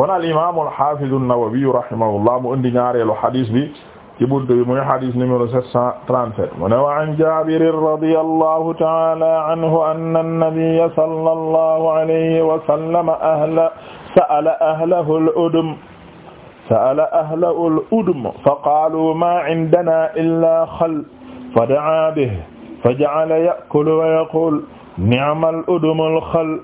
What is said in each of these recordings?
kon al imam al hafiz an-Nawawi rahimahullah mu indi ñaareelu hadis bi ci bunt bi muy hadis numéro 737 mu ne wa an Jabir radiyallahu ta'ala anhu anna an-nabiyya sallallahu alayhi wa sallam ahla sa'ala ahlahu al-udum sa'ala ahlahu al-udum faqalu ma 'indana illa khal fada'a bihi faja'ala ya'kulu wa yaqulu ni'ma al-udum al-khal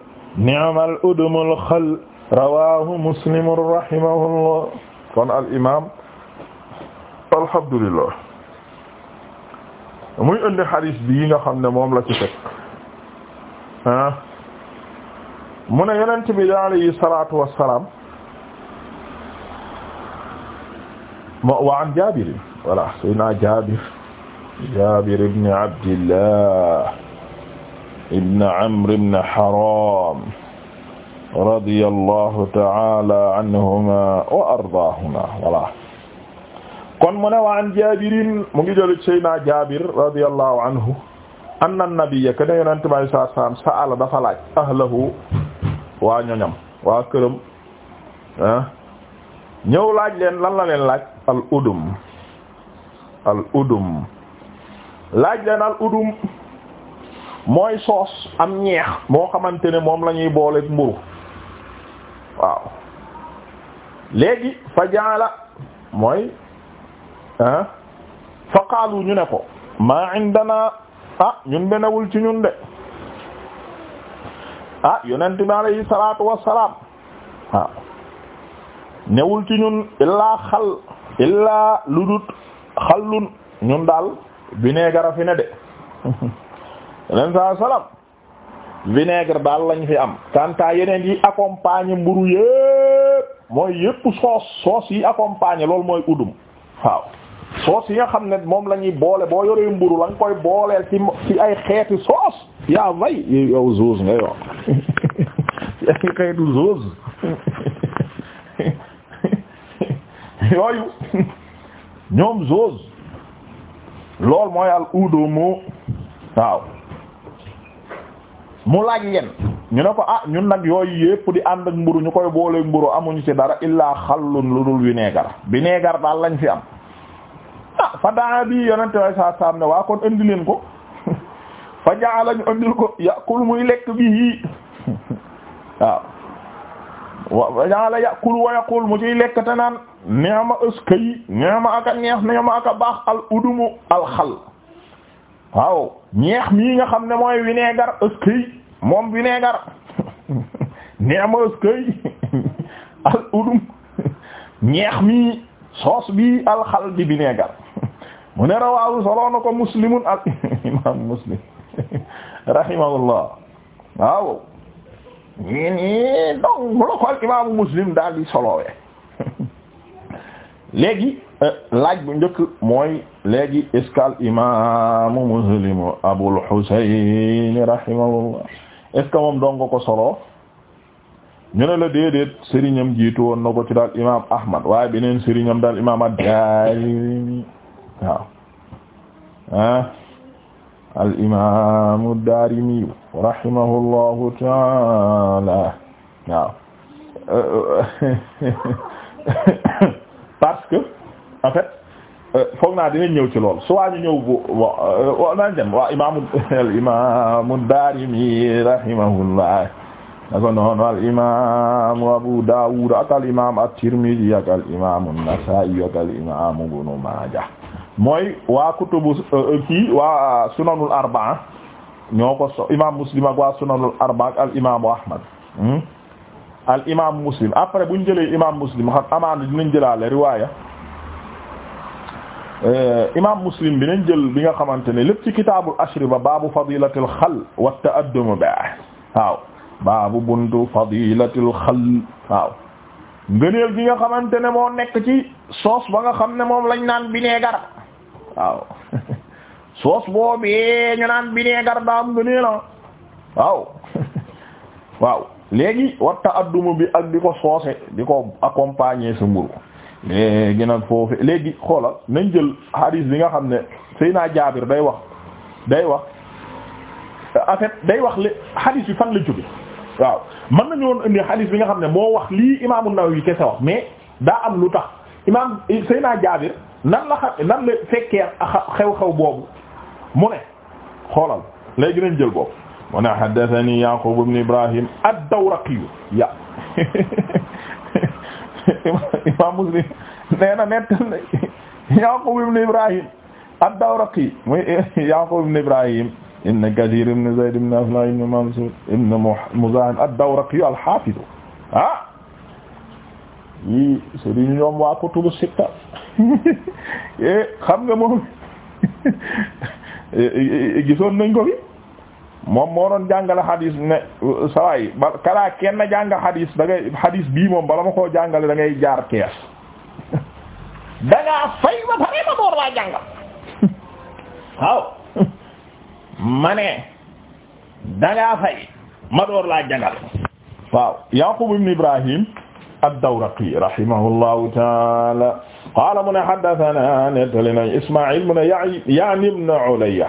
ni'ma al-udum al-khal rawaahu muslim rahimahullah kon al imaam alhamdulillah muy indi xadis bii nga xam ne moom la ci teg ah mu ne yonent bi alayhi salaatu wa salaam wa an Jaabir voilà Seydina Jaabir Jaabir ibn Abdillah ibn Amr ibn Haram radiyallahu ta'ala anhuma wa ardaahuma wala kon mu ne wa an jaabirin mu ngi jël Seydina Jaabir radiyallahu anhu anna an-nabiyya kana yonente bi saa saam sa'ala dafa laaj ahlahu waa ñoñam waa këram ah laaj leen lan la leen laaj al udum al udum laaj leen al udum mooy soos am ñeex moo xamante ne moom la ñuy booleeg mburu waaw léegi fa jaala mooy ah fa qaalu ñu ne ko ma indana ah ñun de newul ci ñun de ah yonent bi alayhi salaatu wassalaam waaw newul ci ñun illaa xal illaa ludut xallun ñun daal vinaigre a fi ne de yonent saa salaam vinaigre daal lañ fi am kanta yeneen yi accompagner mburu yépp mooy yépp soos soos yi accompagner loolu mooy udum waaw soos yi nga xam ne moom la ñuy boole boo yoree mburu la nga koy booleel ci ci ay xeeti soos yaa vay yow zoos nga yow ci ay xeetu zoos yooyu ñoom zoos loolu mooy al udumu waaw mu laaj yen ñu ne ko ah ñun nag yooyu yépp di ànd ak mburu ñu koy boolee mburu amuñu ci dara illaa xallun lu dul vinaigre vinaigre daal lañ fi am a ah, fa daa bi yonente way saa saam ne waa kon indi leen ko fa jaa lañu andil ko yàqul muy lekk bii waaw fa jaa la yàqul wa yàqul mu ciy lekk te naan neema ëskay neema aka neex neema aka baax al udumu al xal waaw ñeex mii nga xam ne mooy vinaigre ëskey moom vinaigre neema ëskey al udum ñeex mii soos bi al xaldi vinaigre mu ne rawaawu soloo na ko muslimun al imam muslim rahimahullah waaw ñii nii donc bu la ko al imaamu muslim daal di solowee léegi Euh, laaj bu njëkk mooy léegi est-ce que al imaamu Muslim Abul Husayn rahimahullah est-ce moom dong ko solo ñu ne la déedéet sëriñam jiitu woon na ko ci daal imaam Ahmad waaye beneen sëriñam daal imaam ad-Daarimi waaw ah al imaamu ad-Daarimi rahimahullahu taala waaw euh, euh, parce que en fait euh, foog naa dinañ ñëw ci lool soit ñu ñëw wa euh, naan dem waa imaamu Daarimi rahimahullah naka noonu al imaamu Abu Daawud ak al imaamu at-Tirmidhi ak al imaamu an-Nasaa'i ak al imaamu Ibnu Maaja mooy waa kutubu euh, kii waa sunanul arba'a ñoo ko so arba'a al imaamu Ahmad hmm? al imaamu Muslim après bu ñu jëlee imaamu Muslim xam amaana dinañ jëlaale riwaaya Euh, imaam muslim bi nañ jël bi nga xamante ne lépp ci kitaabul ba baabu fadilatil xal wa ta'addum ba waaw baabu buntu fadilatil xal waaw ngëneel bi nga xamante ne moo nekk ci sauce ba nga xam ne moom lañ naan bineegar waaw sauce boobee ñu naan bineegar daa am ngëneel la waaw waaw léegi wa ta'addum bi ak di ko soose di ko accompagner sa mburu léegi nag foofu léegi xoolal nañ jël hadis bi nga xam ne Seyna Jaabir day wax day wax en fait day wax li hadis bi fan la jóge waaw mën nañu woon indi hadis bi nga xam ne moo wax lii imaamu Nawawi kese wax mais daa am lu tax imaam Seyna Jaabir nan la xam nan la fekkee xew-xew boobu mu ne xoolal léegi nañ jël boobu mu ne haddathani Yaqub ibn Ibrahim ad-Dawraqi ya imaam Muslim nee na nettal na Yaqub ibn Ibrahim ad-Dawraqi muy Yaqub ibn Ibrahim ibn Kathir ibn Zayd ibn Afla ibn Mansur ibn Muzahim ad-Dawraqi al-Hafiz ah yii sëriñ ñoom waa kutubu sitta eh, xam nga moom eh, eh, gisoon nañ ko moom moo doon jàngale hadis ne sawaay ba kalaa kenn jàng hadis da ngay hadis bii moom bala ma koo jàngale da ngay jaar kees da ngaa fay ba pare ma door laa jàngal waaw ma ne da ngaa fay ma door laa jàngal waaw Yaqub ibn Ibrahim ad-Dawraqi rahimahullahu taala qaala mu ne haddathana nettali nañ Ismaïl mu ne yani ibn Ulayya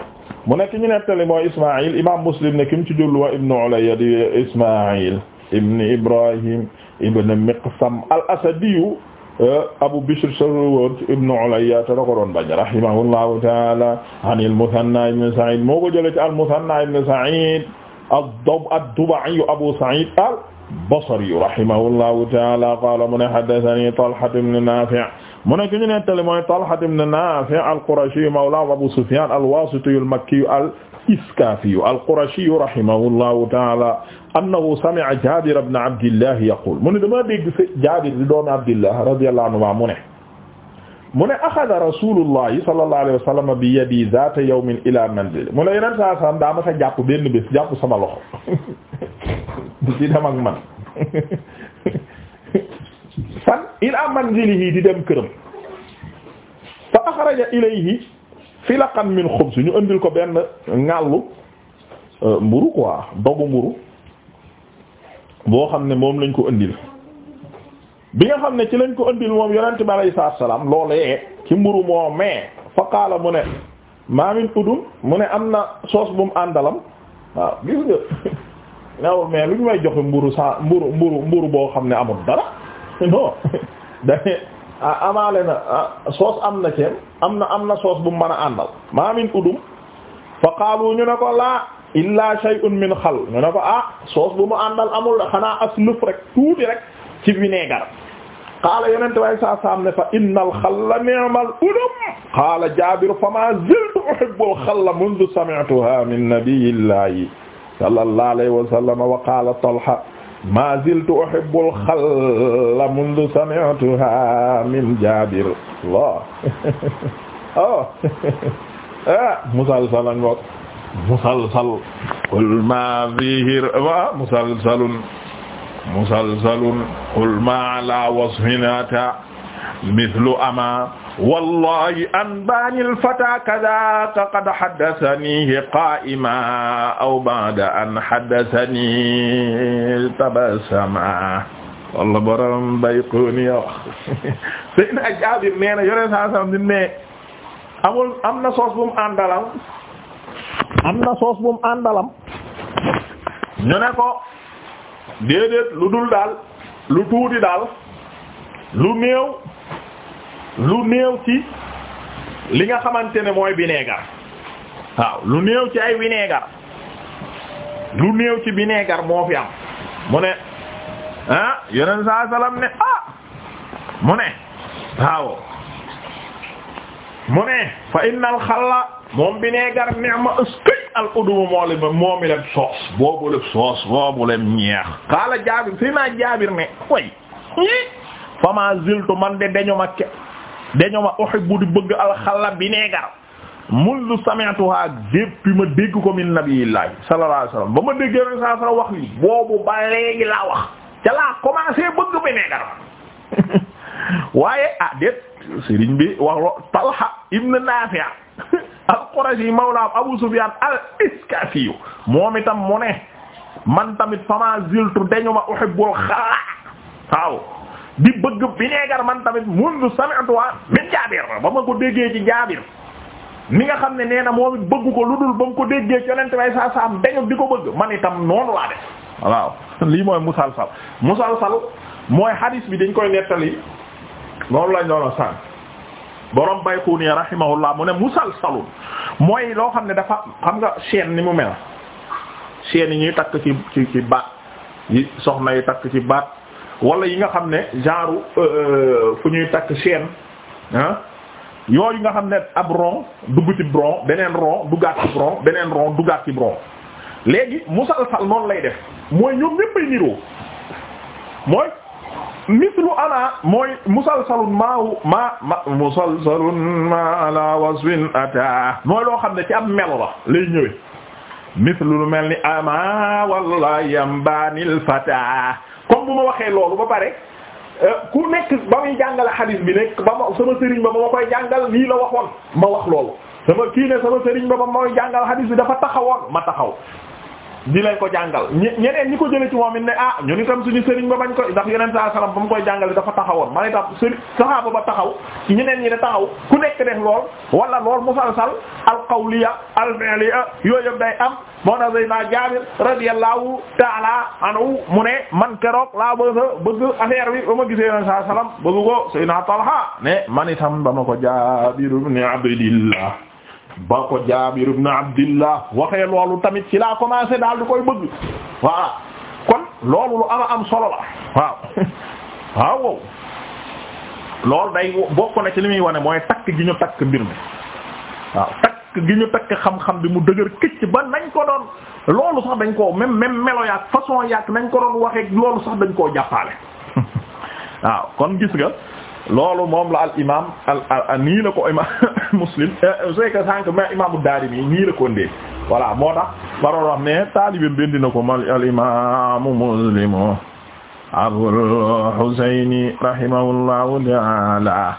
mu nekk ñu nettali mooy Ismaïl imaam Muslim ne kim ci jullu wa ibnu Ulayya di Ismaïl ibn Ibrahim ibn Miqsam al-Asadiyu eh, Abu Bishr sarwoon ibn Ulayya te da ko doon bañ rahimahullahu taala an al-Muthanna ibn Sa'id moo ko jëlee ci al-Muthanna ibn Sa'id ad-Duba'i Abu Sa'id al-Basri rahimahullahu taala qaala mu ne haddathani Talha ibn Nafi' mu ne ki ñu nettali mooy Talha ibn Nafi al-Qurashi mawla Abu Sufyan al-Wasiti al-Makki al-Iskafi al-Qurashi rahimahullahu ta'ala annahu sami'a Jabir ibn Abdillah yaqul mu ne dama dégg fi Jabir di doon Abdillah radiyallahu anhu mu ne mu ne axada rasulullahi sallallahu alayhi wa sallam bi yadi dhata yawmin ila manzil mu ne yeneen saa salam daa ma sa jàpp benn bés jàpp sama loxo di dem ak man fan ila manzilihi di dem këram fa axraja ilayhi filaqan min xubs ñu andil ko benn ŋàllu euh, mburu quoi dogu mburu boo xam ne moom lañ ko andil bi nga xam ne ci lañ ko andil moom yonent bi alayhi salaatu salaam loolee ci mburu moo mais fa mu ne maa min udum mu ne am na soos bu mu àndalam waaw gis nga newul mais lu may joxe mburu saa mburu mburu mburu boo xam ne amul dara non dane ah, amaale na ah, soos am na ceeb am na am na soos bu mu mën a àndal ma min udum fa qaalu ñu ne ko laa illa shay'un min xal ñu ne ko ah soos bu mu àndal amul xanaa asluf rek tuuti rek ci vinaigre qaala yonente way saa saam ne fa inna al xalla ni'mal udum qaala jabir fa ma ziltu uhibbu al xalla mundu sami'tuha min nabiyillahi sallallahu alayhi wa sallam wa qaala talha ma ziltu uhibbu al-khalla mundu sami'tuha min Jaabir Allah oh ah musalsal ngoog musalsal qul ma fihi musalsalun musalsalun qul ma ala wasfin ata mithlu ama wallahi anbaani alfata kada qad haddathani qaa'ima aw ba'da an haddathani tabasama walla borom Bayquni wax Seydina Jaabir nee na yore saa saa di ne am na soos bu mu àndalam soos bu mu àndalam ne ko déedéet lu dul daal lu tuuti daal lu néew lu néew li nga xamante ne mooy vinaigre waaw lu néew ci ay vinaigre lu néew ci vinaigre moo fi am mu ne ah yeneen saa salaam ne ah mu ne waaw mu ne fa innal xalla moom vinaigre ni'ma askay al udum moo le moo mi lem soos boobu lem soos boobu lem ñeex xaala jaabir fi naa jaabir ne way ñi fa ma ziltu man de dañu ma ke dañoo ma uhibbu di bëgg alxalla bineegar mundu sami'tuha depuis ma dégg ko min nabiyillahi sallallahu alayhi wasallam wax boobu ba léegi laa wax ca laa commencé bëgg bineegar waaye ah déet bi wax lo Talha ibn Nafi' al-Qurashi mawla Abu Sufyan al-Iskafi moom itam mu ne man tamit fama ziltu dañu ma uhibbul xalla waaw di bëgg vinaigre man tamit mundu sami'tu min jaabir ba ma ko déggee ci jaabir mi nga xam ne nee na moom it bëgg ko lu dul ba mu ko déggee ci yonent bay saa saam dañu di ko bëgg man itam noonu laa def waaw lii mooy musalsal musalsal mooy hadis bi dañ koy nettali moom lañ doon sànq borom Bayquni rahimahullah mu ne musalsalun mooy loo xam ne dafa xam nga chaîne ni mu mel chaîne yi ñuy takk ci ci ci baat yi soxna yi takk ci baat wala yi nga xam ne genre euh, euh, fu ñuy takk chaîne ah yooyu nga xam ne ab rond dugg ci bron beneen rond duggaat ci bron beneen léegi musalsal noonu lay def mooy ñoom ñëpp ay niroo mooy mislu ana mooy musalsalun maahu ma ma musalsalun ma ala waswin ata mooy loo xam ne ci ab melo la lay ñëwee mislu lu mel ni ama wala yambaanil fata comme bu ma waxee loolu ba pare euh, ku nekk ba muy jàngale xadiis bi nekk ba ma sama sëriñ ba ma koy jàngal lii la waxoon ma wax loolu sama kii ne sama sëriñ ba ba ma koy jàngal xadiis bi dafa taxawoon ma taxaw di lay ko jàngal ñeneen ñi ko jële ci moom it ne ah ñun itam suñu sëriñ ba bañ ko ndax yeneen saa salaam ba mu koy jàngale dafa taxawoon man itam sëriñ saxaaba ba taxaw ñeneen ñi ne taxaw ku nekk def lool wala lool musalsal alqawliya alfi'liya yooyu yëpp day am moo na Seydina Jaabir radiyallahu ta'ala anhu mu ne man keroog laa bëgg bëgg affaire bi ba ma gisee yeneen saa salaam bëgg ko Seydina Talha ne man itam ba ma ko Jaabir ibn Abdillah ba ko Jaabir ibn Abdillah waxee loolu tamit ci laa commencé daal di koy bëgg voilà kon loolu lu ama am solo la waaw waaw wow loolu day bokk na ci li muy wane mooy takk gi ñu takk mbir mi waaw takk gi ñu takk xam-xam bi mu dëgër këcc ba nañ ko doon loolu sax dañ koo même même melo yaag façon yaag nañ ko doon waxee loolu sax dañ koo jàppaale waaw kon gis nga loolu moom la al imaam al al nii la ko imaam muslim eh, eh, c'est que sànq ma imaamu Daarimi nii la ko ndee voilà moo tax waroon wax ne taalibe bendi na ko mal al imaamu muslim Abul Husayn rahimahullahu ta'ala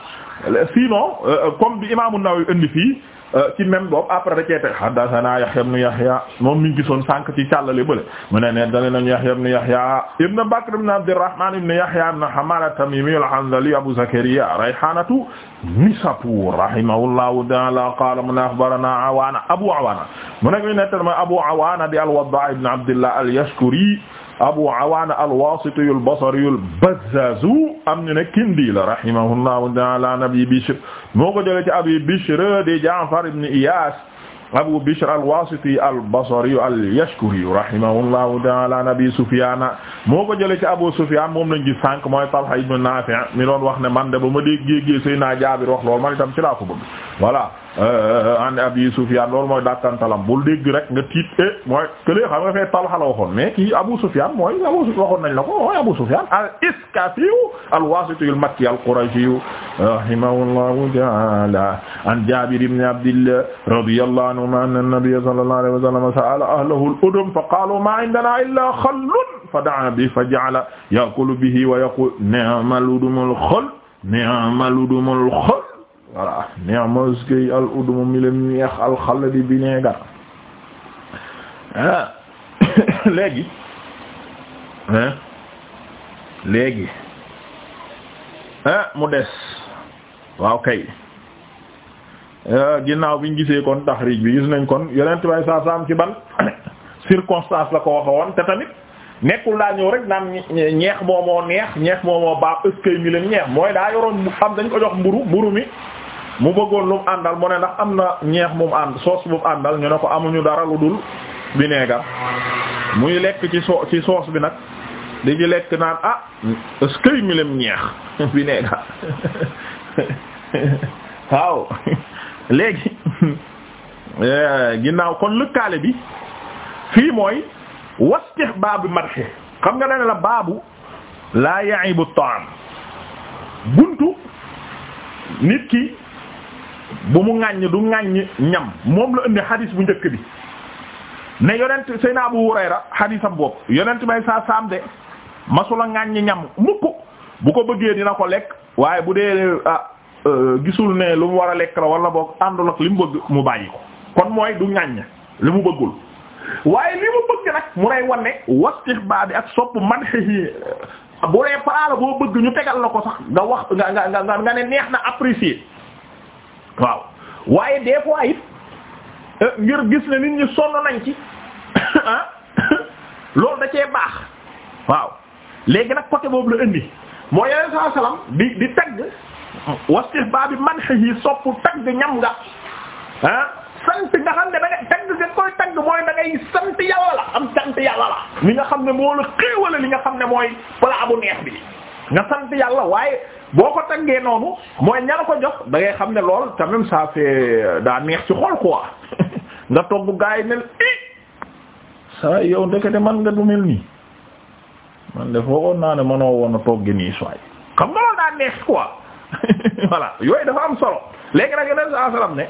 sinon euh, euh, comme bi imaamu Nawawi indi fii Euh, ci même boobu après da cee teg haddathana Yahya ibn Yahya moom mi ngi gisoon sànq ci càllale bële mu ne ne dale nañu Yahya ibn Yahya ibn Bakr ibn Abdurrahman ibn Yahya ibn Hammala at-Tamimi al-Hanzali Abu Zakariya rayhanatu Nisapur rahimahullahu ta'ala qala mu ne akhbarana Awana Abu Awana mu ne ko nettal ma Abu Awana di al-Waddah ibn Abdillah al-Yashkuri abu awaana alwasiti yul basari yul bazzaazu am ñu ne kindi la rahimahullahu taala an abi bishr moo ko jëlee ci abi bishr di jaafar ibn iyaas abu bishr alwasiti albasari alyashkuri rahimahullahu taala an abi sufyaana moo ko jëlee ci abu sufyaan moom lañ gis sànq mooy talha ibn naafi' mi doon wax ne man de ba ma déggee Seydina jaabir wax lool man itam ci laa ko bëgg voilà Euh, an abi Sufyan loolu mooy dàkkantalam bul dégg rek nga tiit e mooy këlee xam nga fee Talha la waxoon mais kii Abu Sufyan mooy Abu Sufyan waxoon nañ la ko mooy Abu Sufyan al-Iskafi al-Wasiti al-Makki al-Qurashi rahimahullahu ta'ala an Jabir ibn Abdillah radiyallahu anhuma anna an-nabiyya sallallahu alayhi wa sallam sa'ala ahlahu al-udum fa qalu ma indana illa khallun fa da'a bihi fa ja'ala ya'kulu bihi wa yaqulu ni'mal udumul khall ni'mal udumul khall voilà ni'mas kay al udum mi leen bi neegar ah léegi ah léegi ah mu des waaw kay ah, ginnaaw biñ gisee kon taxriij bi gis nañ kon yonent bay saa saam ci ban circonstance la ko waxoon te tamit nekkul daa ñëw rek naan ñeex moomoo neex ñeex moomoo baax ëskay mi leen ñeex mooy daa yoroon am dañ ko jox mburu mburu mi mu bëggoon lu mu àndal mu ne ndax am na ñeex mu mu ànd soos bu mu àndal ñu ne ko amuñu dara lu dul vinaigre muy lekk ci soo ci soos bi nag di ci lekk naan ah ëskëy mi lem ñeex vinaigre waaw léegi eh, ginnaaw kon lëkkaale bi fii mooy wastih baabu marché xam nga dane la baabu laa ya'ibu ta'am buntu nit ki bu mu ŋàññ du ŋàññ ñam moom la indi hadis bu njëkk bi ne yonent Seydina Abu Hurayra hadisam bopp yonent may saa saam de masula ŋàññ ñam mukk bu ko bëggee dina ko lekk waaye bu dee ah euh, gisul ne lu mu war a lekk la wala boo àndul ak li mu bëgg mu bàyyi ko kon mooy du ŋàññ li mu bëggul waaye li mu bëgg nag mu lay wane wastihbaabi ak sopp man xëy bu dee palaala boo bëgg ñu tegal la ko sax nga wax nga nga ne neex na apprécier. waaw waaye des fois it euh, ngir gis ne nit ñi sonn nañ ci ah loolu da cee baax waaw léegi nag côté boobu la indi moo yeneen saa salaam di di tagg wastihbaabi manhihi sopp tagg ñam nga ah sant nga xam ne da nga tagg nga koy tagg mooy da ngay sant yàlla la am sant yàlla la. li nga xam ne moo la xéewale li nga xam ne mooy plat bu neex bi nga sant yàlla waaye boo ko tàngee noonu mooy ña la ko jox da ngay xam ne lool quand même ça fait euh, daa neex ci xol quoi nga togg gars yi ne saa yow ndekete man nga du mel nii man de foogoon naa ne mënoo woon a togg nii sooy xam nga loolu daa neex quoi voilà yooyu dafa am solo léegi nag yeneen saa salaam ne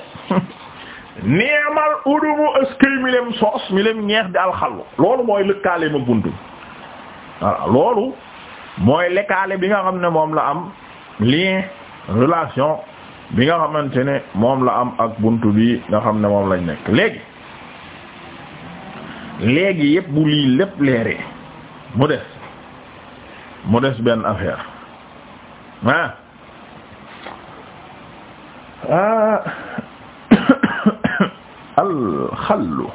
neemal udumu ëskëy mi leen soos mi leen ñeex di alxallu loolu mooy lëkkaale ma buntu voilà loolu mooy lekkaale bi nga xam ne moom la am lien relation bi nga xamante ne moom la am ak buntu bi nga xam ne moom lañ nekk léegi léegi yëpp bu lii lépp leere mu des mu des benn affaire ah ah alxallu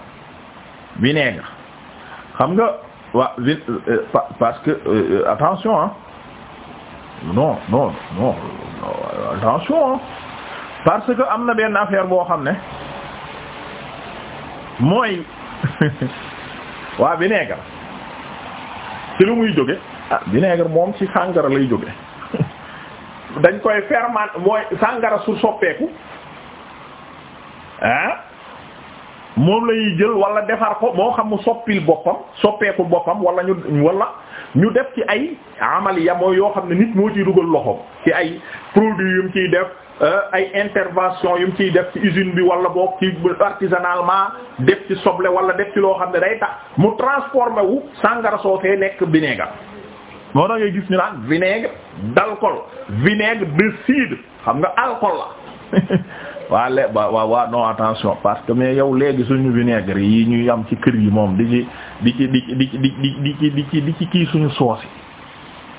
vinaigre xam nga waa euh, parce que euh, euh, attention non non non parce que am na benn affaire boo xam ne mooy waa vinaigre ci lu muy jóge ah vinaigre moom ci sàngara lay jóge dañ koy fermenter mooy sàngara su soppeeku ah moom lañuy jël wala defar moo xam mu soppil boppam soppeeku boppam wala ñu wala ñu def ci ay amaliya yoo xam ne nit moo ci dugal loxo ci ay produits yu ciy def euh, ay intervention yu mu ciy def ci usine bi wala boog ci artisanalement def ci soble wala def ci loo xam ne day tax mu transformé wu soo te nekk vinaigre. moo tax ngay gis ñu naan vinaigre d'alcool vinaigre de xam nga alcool la waa le waa waa non attention parce que mais yow léegi suñu vinaigre yi ñuy am ci kër yi moom di ci di ci di di di di di ci di ci kii suñu soosi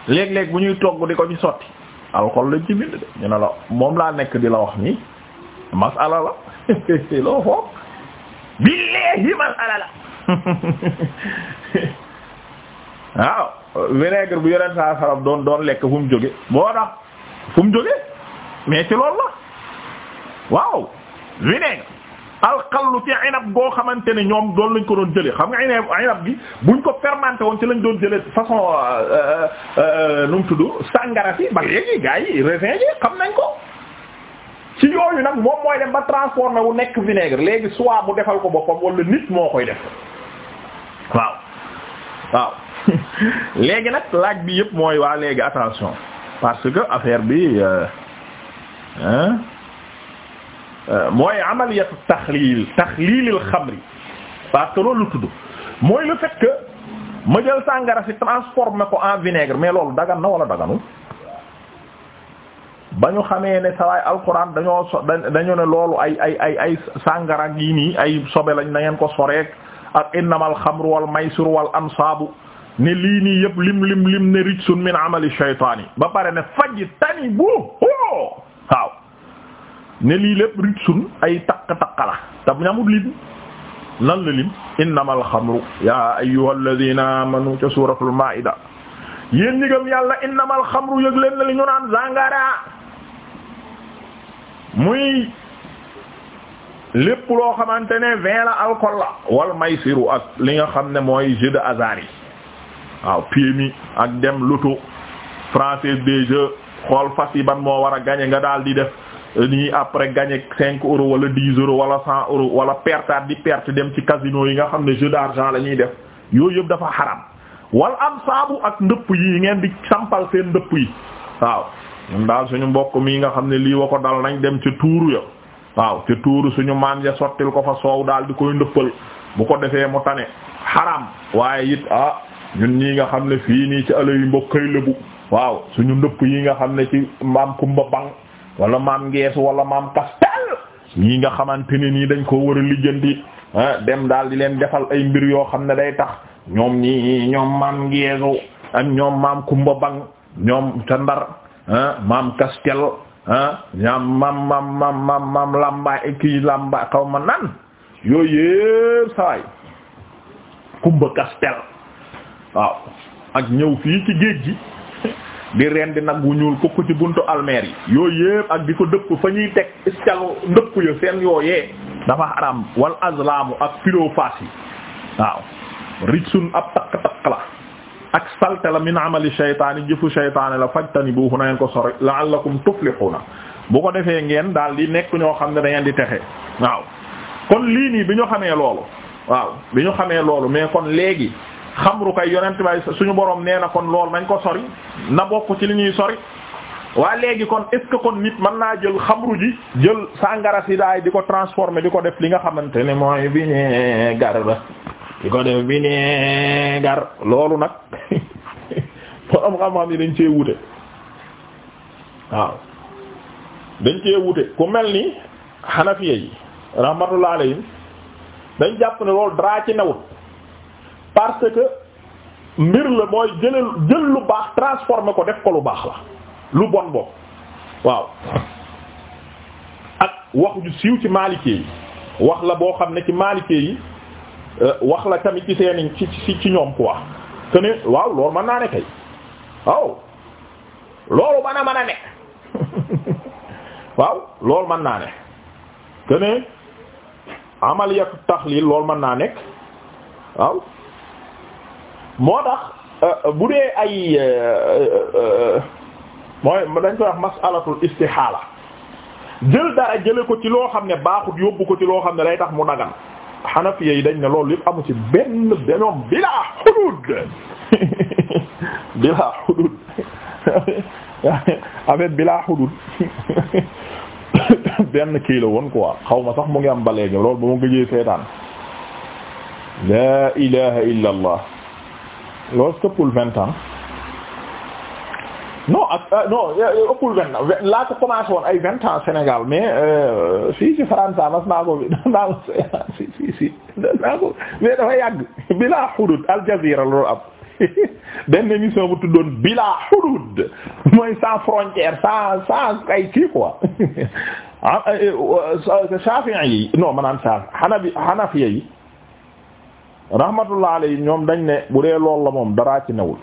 léeg-léeg bu ñuy togg di ko ci sotti alcool lañ ci bind de ñu ne la moom laa nekk di la wax nii masala la loo foog billahi masala la waaw vinaigre bu yoreen saa sarab doon doon lekk fu mu jóge boo tax fu mu jóge mais ci loolu la waaw vinaigre alxallu ci inab goo xamante ne ñoom doon lañ ko doon jëlee xam nga inab inab gi buñ ko fermenté woon ci lañ doon jële façon euh, euh, euh, nu mu tudd sàngara si ba léegi gars yi raisin yi xam nañ ko ci yooyu nag moom mooy dem ba transformé wu nekk vinaigre léegi soit bu defal ko boppam wala nit moo koy def waaw waaw léegi nag laaj bi yëpp mooy waa léegi attention parce que affaire bi Euh, mooy amaliyatu taxliil taxliilil xamri parce que loolu tudd mooy le fait que ma jël sàngara si ko en vinaigre mais loolu dagan na wala daganu ba ñu xamee ne sawaay alxuraan dañoo so dañu ne loolu ay ay ay ay sàngara gi nii ay sobe lañ na ngeen ko soreek ak innamal xamru wal maysir wal ansaabu ne lii nii yëpp lim lim lim ne rijsun min amali shaytaani ba pare ne faj tani bu waaw ne lii lépp rijsun ay takk-takk la te ñamut lim nan la lim innamal xamru yaa ayyuhalladhina amanu ca suuratul maa'ida yéen ñi yàlla innamal xamru yëg leen na li ñu naan zangara muy lépp loo xamante ne vin la alcool la wal maysiru ak li nga xam ne mooy jeu de hasard yi waaw PMI ak dem loto française des jeux xool fas yi ban moo war a gagner nga daal di def ñii après gagner cinq euros wala dix euros wala cent euro wala pertaat di perte dem ci casino yi nga xam ne jeu d'argent la ñuy def yooyu yëpp dafa xaram wal am saabu ak ndëpp yi ngeen di sampal seen ndëpp yi waaw ñun daal suñu mbokk mii nga xam ne lii wa ko dal nañ dem ca tuuru ya waaw ca tuuru suñu maam ya sottil ko fa soow daal di koy ndëppal bu ko defee mu tane xaram waaye it ah ñun ñii nga xam ne fii nii ci ala yu mbokk kay lébu waaw suñu ndëpp yi nga xam ne ci maam kumba wala maam ngeesu wala maam kastel ñii nga xamante ne nii dañ koo war a lijjanti ah, dem daal di leen defal ay mbir yoo xam ne day tax ñoom ñi ñoom maam ngeesu ñoom maam kumba bang ñoom ca ndar ah, maam kastel ah, ñaam maam maam maam lamba xaw ma nan yooyu yëpp sawaay kumba kastel waaw ak ñëw fii ci géej gi di rendi nag wu ñuul kukk ci buntu almeer yi yooyu yëpp ak di ko dëpp fa ñuy teg iscalo ndëpp ya seen yooyee dafa xaram wal azlaamu ak pilofas yi waaw rijsun ab takk-takk la ak salte la min amali shaytaani jëfu shaytaani la fajtani buuxu na ngeen ko sori la'allakum tuflihuna bu ko defee ngeen daal di nekk ñoo xam ne da di texe waaw kon lii nii bi ñu xamee loolu waaw bi ñu xamee loolu mais kon léegi xamru kay yonent bay suñu borom nee na kon lool nañ ko sori na bokk ci lu ñuy sori waa léegi kon est kon nit mën naa jël xamru ji jël sàngara si daay di ko transformer di ko def li nga xamante ne mooy vinaigre la di ko def vinaigre loolu nag borom xam-xam yi dañ cee wute waaw dañ cee wute ku mel ni xanafiya yi rahmatullah alayhim dañ jàpp ne loolu dara ci newut parce que mbir la mooy jëlal jël lu baax transformer ko def ko lu baax la lu bon bopp waaw ak wax ju siiw ci maalikee yi wax la boo xam ne ci maalikee yi euh, wax la tamit ci seeni ci ci ci ñoom quoi te ne waaw loolu mën naa ne kay waaw loolu mën a mën a ne waaw loolu mën naa ne que ne amaliyatu taxliil loolu mën naa nekk waaw moo tax euh, bu dee ay euh, euh, mooy dañ koy wax masalatul istixaala jël dara jële ko ci loo xam ne baaxut yóbbu ko ci loo xam ne lay tax mu dagan xanafiya yi dañ ne loolu yëpp amu ci benn benoom bilaa xudud bilaa xudud avec bilaa xudud benn kii la woon quoi xaw ma sax mu ngi am ba léegi loolu ba ma gëjee seetaan la ilaha illa loolu ëppul vingt ans non ak euh, non euh, euh, ëppul vingt ans laa ko commencé woon ay vingt ans Sénégal mais fii ci France mas naa ko bi naa ko si si si naa ko mais dafa yàgg bilaa hudud Al Jazeera loolu am benn émission bu tuddoon bilaa hudud mooy sans frontière sans sans ay kii quoi ah Shafi'i yi non maanaam Shafi'i Hanafi Hanafi yi rahmatullah alayhi ñoom dañ ne bu dee loolu la moom daraa ci newul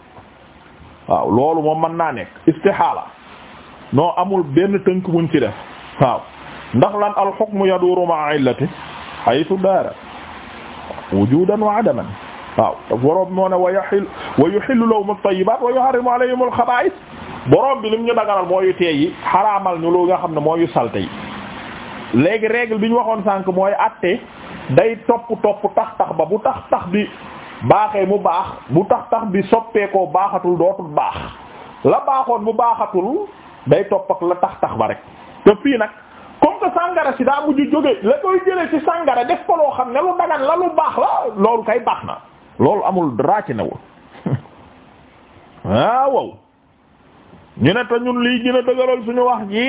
waaw loolu moom mën naa nekk istixaala noo amul benn tënk buñ ci def waaw ndax lan al hukmu yaduru ma'a illati haythu daara wujudan wa adaman waaw boroom moo ne wa yahil wa yuhillu lahum at-tayyibat wa yuharrimu alayhim al-khaba'ith boroom bi lim ñu daganal mooyu tee yi ñu lu nga xam ne mooyu salte yi léegi règle bi ñu waxoon sànq mooy atte day topp topp tax tax ba bu tax tax bi baaxee mu baax bu tax tax bi soppeekoo baaxatul dootul baax la baaxoon mu baaxatul day topp ak la tax tax ba rek te fii nag comme que sàngara si daa mujj jóge la koy jëlee ci sàngara def ko loo xam ne lu dagan la lu baax la loolu kay baax na loolu amul dara ci newul ah, waaw ñu ne te ñun lii gën a dëgëral suñu wax ji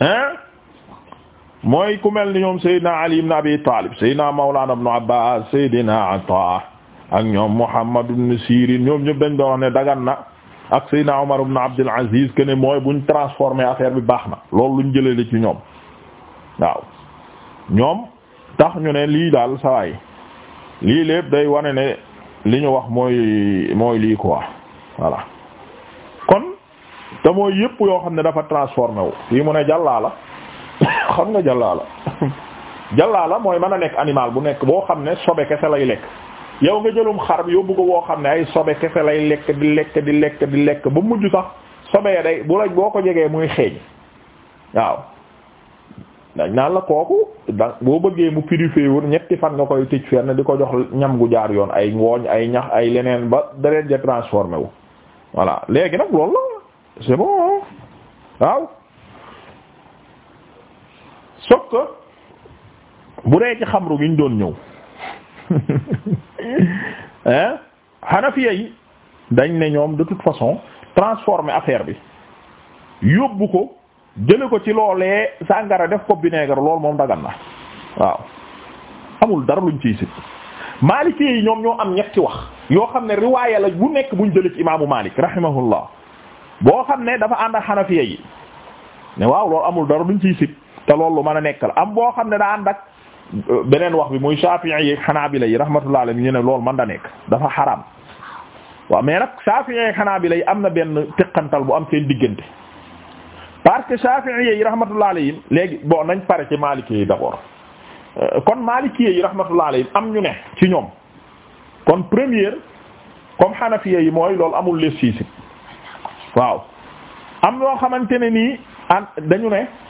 hein mooy ku mel ni ñoom Seydina Ali ibn Abi Talib Seydina Mawlana ibn Abbas Seydina Ata ak ñoom Muhammad ibn Sirin ñoom ñëpp dañ doon wax ne dagan na ak Seydina Umar ibn Abdul Aziz que ne mooy buñ transformé affaire bi baax na lool lu ñu jëlee ci ñoom waaw ñoom tax ñu ne lii daal sawaay lii lépp day wane ne li ñu wax mooy mooy lii quoi voilà kon te mooy yëpp yoo xam ne dafa transformé wu fii mu ne jàllaa la xam nga jàllaala jàllaala mooy mën a nekk animal bu nekk boo xam ne sobe kese lay lekk yow nga jëlum xarab yóbbu ko boo xam ne ay sobe kese lay lekk di lekk di lekk di lekk ba mujj sax sobe ya day bu la boo ko jegee muy xeeñ waaw dañ naa la kooku da boo bëggee mu purifié ñetti fan nga koy tëj na di ko jox ñam gu jaar yoon ay ngooñ ay ñax ay leneen ba deret ja transformé wu voilà léegi nag lool la c'est bon waaw sauf que bu dee ci xamru gi ñu doon ñëw hein hanafiya yi dañ ne ñoom de toute façon transformer affaire bi yóbbu ko jële ko ci loolee sàngara def ko vinaigre lool moom dagan na waaw amul dara luñ ciy sit Maliki yi ñoom ñoo am ñetti wax yoo xam ne riwaaya la bu nekk buñ jële ci imaamu Malik rahimahullah boo xam ne dafa ànd ak hanafiya yi ne waaw loolu amul dara luñ ciy sit te loolu mën a nekkal la am boo xam ne daa ànd ak euh, beneen wax bi muy xanaa bi Hanabila yi rahmatullah alayhi ñu ne loolu man da nekk dafa xaraam waaw mais nag Shafi'i xanaa bi lay am na benn teqantal bu am seen diggante parce que Shafi'i yi rahmatullah alayhi léegi bon nañ pare ci Maliki yi d'abord euh, kon Maliki yi rahmatullah alayhi am ñu ne ci ñoom kon première comme Hanafiya yi mooy loolu amul les siisi waaw am ñoo xamante ne nii dañu ne.